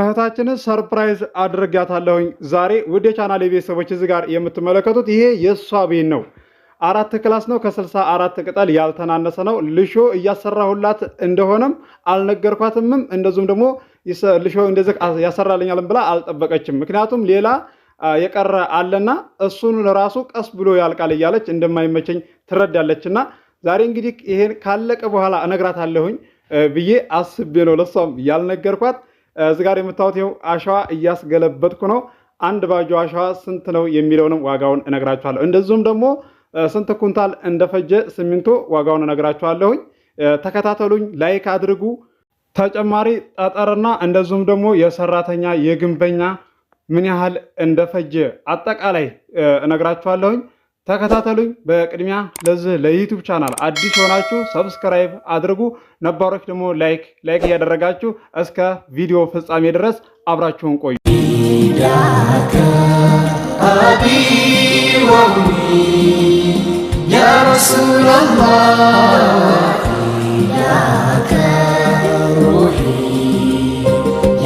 እህታችንን ሰርፕራይዝ አድርጊያታለሁኝ ዛሬ ውድ የቻናል የቤተሰቦች እዚህ ጋር የምትመለከቱት ይሄ የእሷ ቤት ነው። አራት ክላስ ነው። ከስልሳ አራት ቅጠል ያልተናነሰ ነው። ልሾ እያሰራሁላት እንደሆነም አልነገርኳትምም። እንደዚሁም ደግሞ ልሾ እንደዚህ ያሰራልኛልም ብላ አልጠበቀችም። ምክንያቱም ሌላ የቀረ አለና እሱን ራሱ ቀስ ብሎ ያልቃል እያለች እንደማይመቸኝ ትረዳለች። እና ዛሬ እንግዲህ ይሄን ካለቀ በኋላ እነግራታለሁኝ ብዬ አስቤ ነው ለሷም ያልነገርኳት እዚ ጋር የምታዩት አሸዋ እያስገለበጥኩ ነው። አንድ ባጆ አሸዋ ስንት ነው የሚለውንም ዋጋውን እነግራችኋለሁ። እንደዚሁም ደግሞ ስንት ኩንታል እንደፈጀ ሲሚንቶ ዋጋውን እነግራችኋለሁኝ። ተከታተሉኝ፣ ላይክ አድርጉ። ተጨማሪ ጠጠርና እንደዚሁም ደግሞ የሰራተኛ የግንበኛ ምን ያህል እንደፈጀ አጠቃላይ እነግራችኋለሁኝ። ተከታተሉኝ። በቅድሚያ ለዚህ ለዩቱብ ቻናል አዲስ የሆናችሁ ሰብስክራይብ አድርጉ፣ ነባሮች ደግሞ ላይክ ላይክ እያደረጋችሁ እስከ ቪዲዮ ፍጻሜ ድረስ አብራችሁን ቆዩ።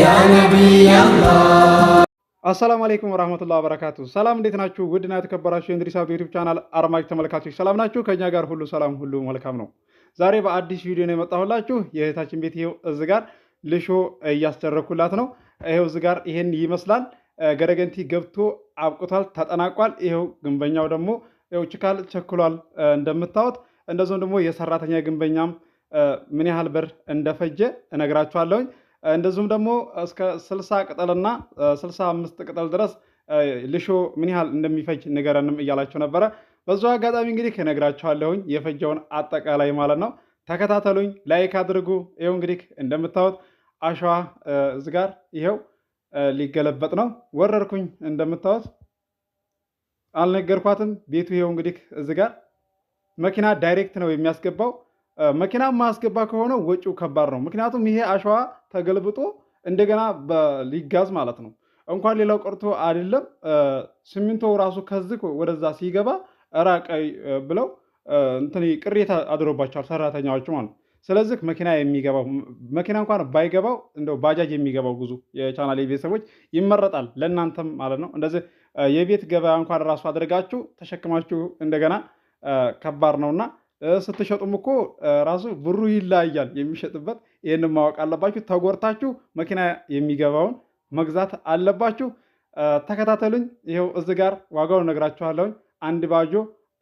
ያ ነቢይ አላህ አሰላሙ አለይኩም ወራህመቱላሂ ወበረካቱ። ሰላም እንዴት ናችሁ? ውድና የተከበራችሁ የእንድሪስ አብዱ ዩቲዩብ ቻናል አድማጭ ተመልካቾች ሰላም ናችሁ? ከኛ ጋር ሁሉ ሰላም፣ ሁሉ መልካም ነው። ዛሬ በአዲስ ቪዲዮ ነው የመጣሁላችሁ። የእህታችን ቤት ይሄው እዚህ ጋር ልሾ እያስደረግኩላት ነው። ይሄው እዚህ ጋር ይሄን ይመስላል። ገረገንቲ ገብቶ አብቅቷል፣ ተጠናቋል። ይሄው ግንበኛው ደግሞ ይኸው ችካል ቸክሏል እንደምታዩት። እንደዚሁም ደግሞ የሰራተኛ ግንበኛም ምን ያህል ብር እንደፈጀ እነግራችኋለሁኝ። እንደዚሁም ደግሞ እስከ 60 ቅጠልና 65 ቅጠል ድረስ ልሾ ምን ያህል እንደሚፈጅ ንገረንም እያላቸው ነበረ። በዛ አጋጣሚ እንግዲህ እነግራችኋለሁኝ የፈጀውን አጠቃላይ ማለት ነው። ተከታተሉኝ፣ ላይክ አድርጉ። ይኸው እንግዲህ እንደምታዩት አሸዋ እዚህ ጋር ይኸው ሊገለበጥ ነው። ወረርኩኝ እንደምታዩት አልነገርኳትም። ቤቱ ይኸው እንግዲህ እዚህ ጋር መኪና ዳይሬክት ነው የሚያስገባው። መኪና ማስገባ ከሆነ ወጪው ከባድ ነው። ምክንያቱም ይሄ አሸዋ ተገልብጦ እንደገና ሊጋዝ ማለት ነው። እንኳን ሌላው ቀርቶ አይደለም ሲሚንቶ ራሱ ከዚህ ወደዛ ሲገባ ራቀይ ብለው እንትን ቅሬታ አድሮባቸዋል ሰራተኛዎች ማለት ስለዚህ መኪና የሚገባው መኪና እንኳን ባይገባው እንደው ባጃጅ የሚገባው ጉዞ የቻናል ቤተሰቦች ይመረጣል፣ ለእናንተም ማለት ነው። እንደዚህ የቤት ገበያ እንኳን ራሱ አድርጋችሁ ተሸክማችሁ እንደገና ከባድ ነውና ስትሸጡም እኮ ራሱ ብሩ ይለያያል የሚሸጥበት ይህንን ማወቅ አለባችሁ። ተጎርታችሁ መኪና የሚገባውን መግዛት አለባችሁ። ተከታተሉኝ። ይኸው እዚህ ጋር ዋጋውን እነግራችኋለሁኝ። አንድ ባጆ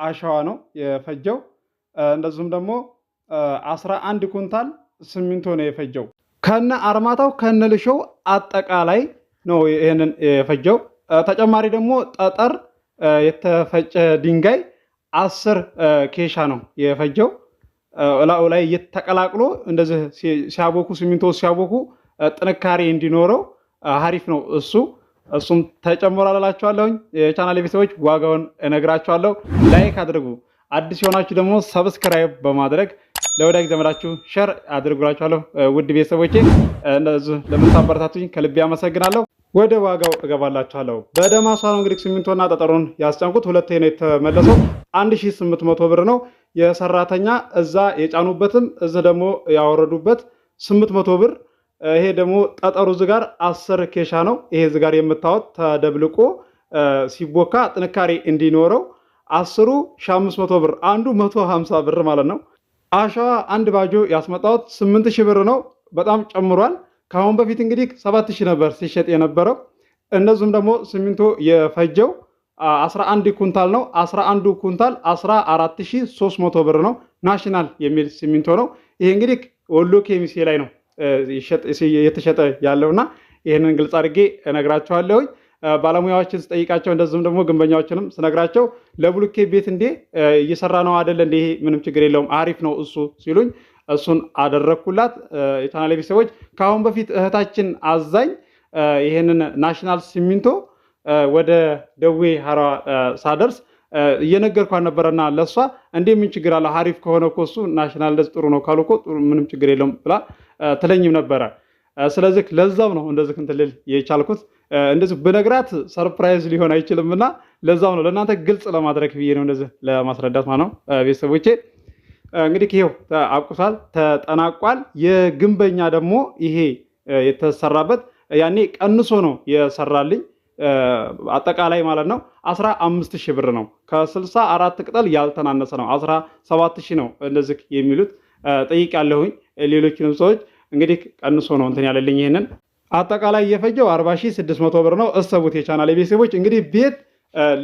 አሸዋ ነው የፈጀው። እንደዚሁም ደግሞ አስራ አንድ ኩንታል ሲሚንቶ ነው የፈጀው ከነ አርማታው ከነ ልሾው አጠቃላይ ነው ይህንን የፈጀው። ተጨማሪ ደግሞ ጠጠር የተፈጨ ድንጋይ አስር ኬሻ ነው የፈጀው። እላዩ ላይ ተቀላቅሎ እንደዚህ ሲያቦኩ ሲሚንቶ ሲያቦኩ ጥንካሬ እንዲኖረው ሀሪፍ ነው እሱ እሱም ተጨምሯል እላችኋለሁኝ። የቻናል ቤተሰቦች ዋጋውን እነግራችኋለሁ። ላይክ አድርጉ። አዲስ የሆናችሁ ደግሞ ሰብስክራይብ በማድረግ ለወዳጅ ዘመዳችሁ ሸር አድርጉላችኋለሁ። ውድ ቤተሰቦቼ እንደዚህ ለምታበረታቱኝ ከልቤ አመሰግናለሁ። ወደ ዋጋው እገባላችኋለሁ። በደማሷ ነው እንግዲህ ሲሚንቶና ጠጠሩን ያስጨንቁት። ሁለቴ ነው የተመለሰው። 1800 ብር ነው የሰራተኛ እዛ የጫኑበትም እዚህ ደግሞ ያወረዱበት 800 ብር። ይሄ ደግሞ ጠጠሩ እዚህ ጋር 10 ኬሻ ነው። ይሄ እዚህ ጋር የምታወት ተደብልቆ ሲቦካ ጥንካሬ እንዲኖረው አስሩ 500 ብር፣ አንዱ 150 ብር ማለት ነው። አሸዋ አንድ ባጆ ያስመጣሁት 8000 ብር ነው። በጣም ጨምሯል። ከአሁን በፊት እንግዲህ ሰባት ሺህ ነበር ሲሸጥ የነበረው። እነዚሁም ደግሞ ሲሚንቶ የፈጀው 11 ኩንታል ነው። 11 ኩንታል 14300 ብር ነው። ናሽናል የሚል ሲሚንቶ ነው። ይሄ እንግዲህ ወሎ ኬሚሴ ላይ ነው የተሸጠ ያለውና ይህንን ግልጽ አድርጌ እነግራቸዋለሁኝ። ባለሙያዎችን ስጠይቃቸው እንደዚሁም ደግሞ ግንበኛዎችንም ስነግራቸው ለብሎኬት ቤት እንዴ እየሰራ ነው አደለ እንዴ? ይሄ ምንም ችግር የለውም አሪፍ ነው እሱ ሲሉኝ እሱን አደረግኩላት። የቻናሌ ቤተሰቦች ከአሁን በፊት እህታችን አዛኝ ይህንን ናሽናል ሲሚንቶ ወደ ደዌ ሀራ ሳደርስ እየነገርኳ ነበረና ለእሷ እንዴ ምን ችግር አለ ሀሪፍ ከሆነ እኮ እሱ ናሽናል ደስ ጥሩ ነው ካሉ እኮ ምንም ችግር የለውም ብላ ትለኝም ነበረ። ስለዚህ ለዛም ነው እንደዚህ እንትን ልል የቻልኩት። እንደዚህ ብነግራት ሰርፕራይዝ ሊሆን አይችልም እና ለዛም ነው ለእናንተ ግልጽ ለማድረግ ብዬ ነው እንደዚህ ለማስረዳት ማለት ነው ቤተሰቦቼ። እንግዲህ ይሄው አቁሳል ተጠናቋል። የግንበኛ ደግሞ ይሄ የተሰራበት ያኔ ቀንሶ ነው የሰራልኝ አጠቃላይ ማለት ነው 15 ሺህ ብር ነው። ከ64 ቅጠል ያልተናነሰ ነው። 17 ሺህ ነው እንደዚህ የሚሉት ጠይቅ ያለሁኝ ሌሎችንም ሰዎች እንግዲህ ቀንሶ ነው እንትን ያለልኝ። ይህንን አጠቃላይ የፈጀው 40600 ብር ነው። እሰቡት የቻናል ቤተሰቦች እንግዲህ ቤት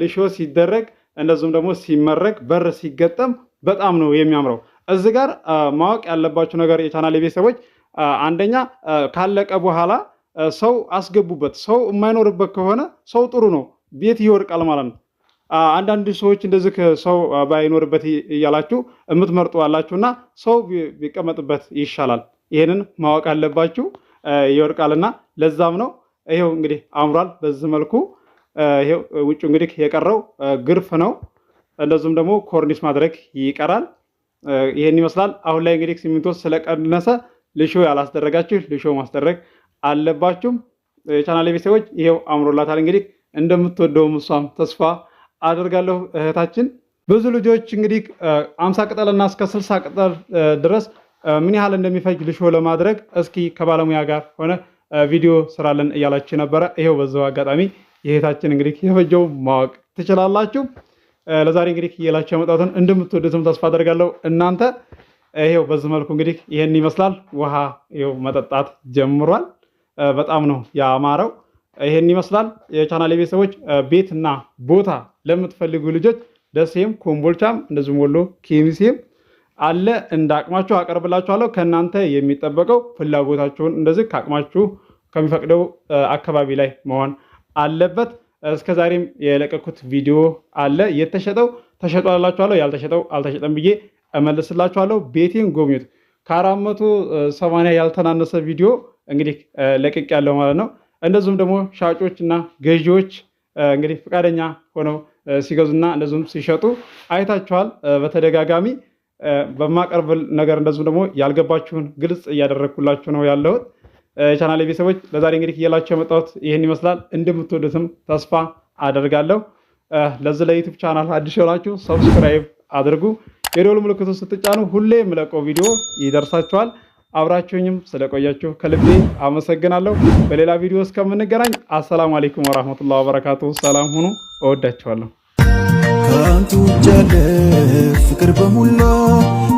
ልሾ ሲደረግ እንደዚሁም ደግሞ ሲመረቅ በር ሲገጠም በጣም ነው የሚያምረው። እዚህ ጋር ማወቅ ያለባችሁ ነገር የቻናል ቤተሰቦች፣ አንደኛ ካለቀ በኋላ ሰው አስገቡበት። ሰው የማይኖርበት ከሆነ ሰው ጥሩ ነው፣ ቤት ይወድቃል ማለት ነው። አንዳንድ ሰዎች እንደዚህ ሰው ባይኖርበት እያላችሁ የምትመርጡ አላችሁ እና ሰው ቢቀመጥበት ይሻላል። ይህንን ማወቅ አለባችሁ፣ ይወድቃልና ለዛም ነው ይሄው እንግዲህ አምሯል። በዚህ መልኩ ይሄው ውጭ እንግዲህ የቀረው ግርፍ ነው። እንደዚሁም ደግሞ ኮርኒስ ማድረግ ይቀራል። ይህን ይመስላል። አሁን ላይ እንግዲህ ሲሚንቶ ስለቀነሰ ልሾ ያላስደረጋችሁ ልሾ ማስደረግ አለባችሁም። የቻናል ቤተሰቦች ይሄው አምሮላታል። እንግዲህ እንደምትወደውም እሷም ተስፋ አደርጋለሁ እህታችን። ብዙ ልጆች እንግዲህ አምሳ ቅጠልና እስከ ስልሳ ቅጠል ድረስ ምን ያህል እንደሚፈጅ ልሾ ለማድረግ እስኪ ከባለሙያ ጋር ሆነ ቪዲዮ ስራለን እያላችሁ ነበረ። ይሄው በዛው አጋጣሚ የእህታችን እንግዲህ የፈጀው ማወቅ ትችላላችሁ። ለዛሬ እንግዲህ እየላቸው የመጣሁትን እንደምትወዱትም ተስፋ አደርጋለሁ። እናንተ ይሄው በዚህ መልኩ እንግዲህ ይሄን ይመስላል። ውሃ ይኸው መጠጣት ጀምሯል። በጣም ነው ያማረው። ይሄን ይመስላል። የቻናል ቤተሰቦች ቤትና ቦታ ለምትፈልጉ ልጆች ደሴም፣ ኮምቦልቻም እንደዚሁም ወሎ ኬሚሴም አለ። እንደ አቅማችሁ አቀርብላችኋለሁ። ከእናንተ የሚጠበቀው ፍላጎታችሁን እንደዚህ ከአቅማችሁ ከሚፈቅደው አካባቢ ላይ መሆን አለበት። እስከ ዛሬም የለቀኩት ቪዲዮ አለ። የተሸጠው ተሸጧል እላችኋለሁ፣ ያልተሸጠው አልተሸጠም ብዬ እመልስላችኋለሁ። ቤቴን ጎብኙት። ከአራት መቶ ሰማንያ ያልተናነሰ ቪዲዮ እንግዲህ ለቅቅ ያለው ማለት ነው። እንደዚሁም ደግሞ ሻጮች እና ገዢዎች እንግዲህ ፈቃደኛ ሆነው ሲገዙና እንደዚሁም ሲሸጡ አይታችኋል በተደጋጋሚ በማቀርብ ነገር እንደዚሁም ደግሞ ያልገባችሁን ግልጽ እያደረግኩላችሁ ነው ያለሁት። ቻናል ቤተሰቦች ለዛሬ እንግዲህ እየላቸው የመጣሁት ይህን ይመስላል። እንደምትወዱትም ተስፋ አደርጋለሁ። ለዚህ ለዩቱብ ቻናል አዲስ የሆናችሁ ሰብስክራይብ አድርጉ። የደወል ምልክቱ ስትጫኑ ሁሌ የምለቀው ቪዲዮ ይደርሳችኋል። አብራችሁኝም ስለቆያችሁ ከልቤ አመሰግናለሁ። በሌላ ቪዲዮ እስከምንገናኝ አሰላሙ አሌይኩም ወራህመቱላህ ወበረካቱ። ሰላም ሁኑ። እወዳችኋለሁ። ከአንቱ ውጭ ፍቅር በሙላ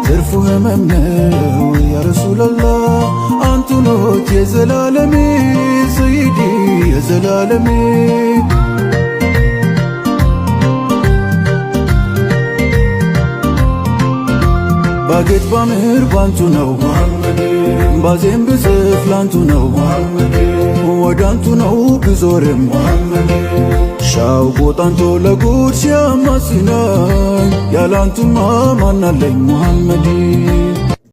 ትርፉ ህመም ነው። ያረሱላላህ አንቱኖት የዘላለሜ ሰይዲ የዘላለሜ ባጌት ባምህር ባንቱ ነው ባዜም ብጽፍ ላንቱ ነው ወዳንቱ ነው ብዞርም ሻው ቦጣንቶ ለጉድ ሲያማስናኝ ያላንቱማ ማናለኝ ሙሐመድ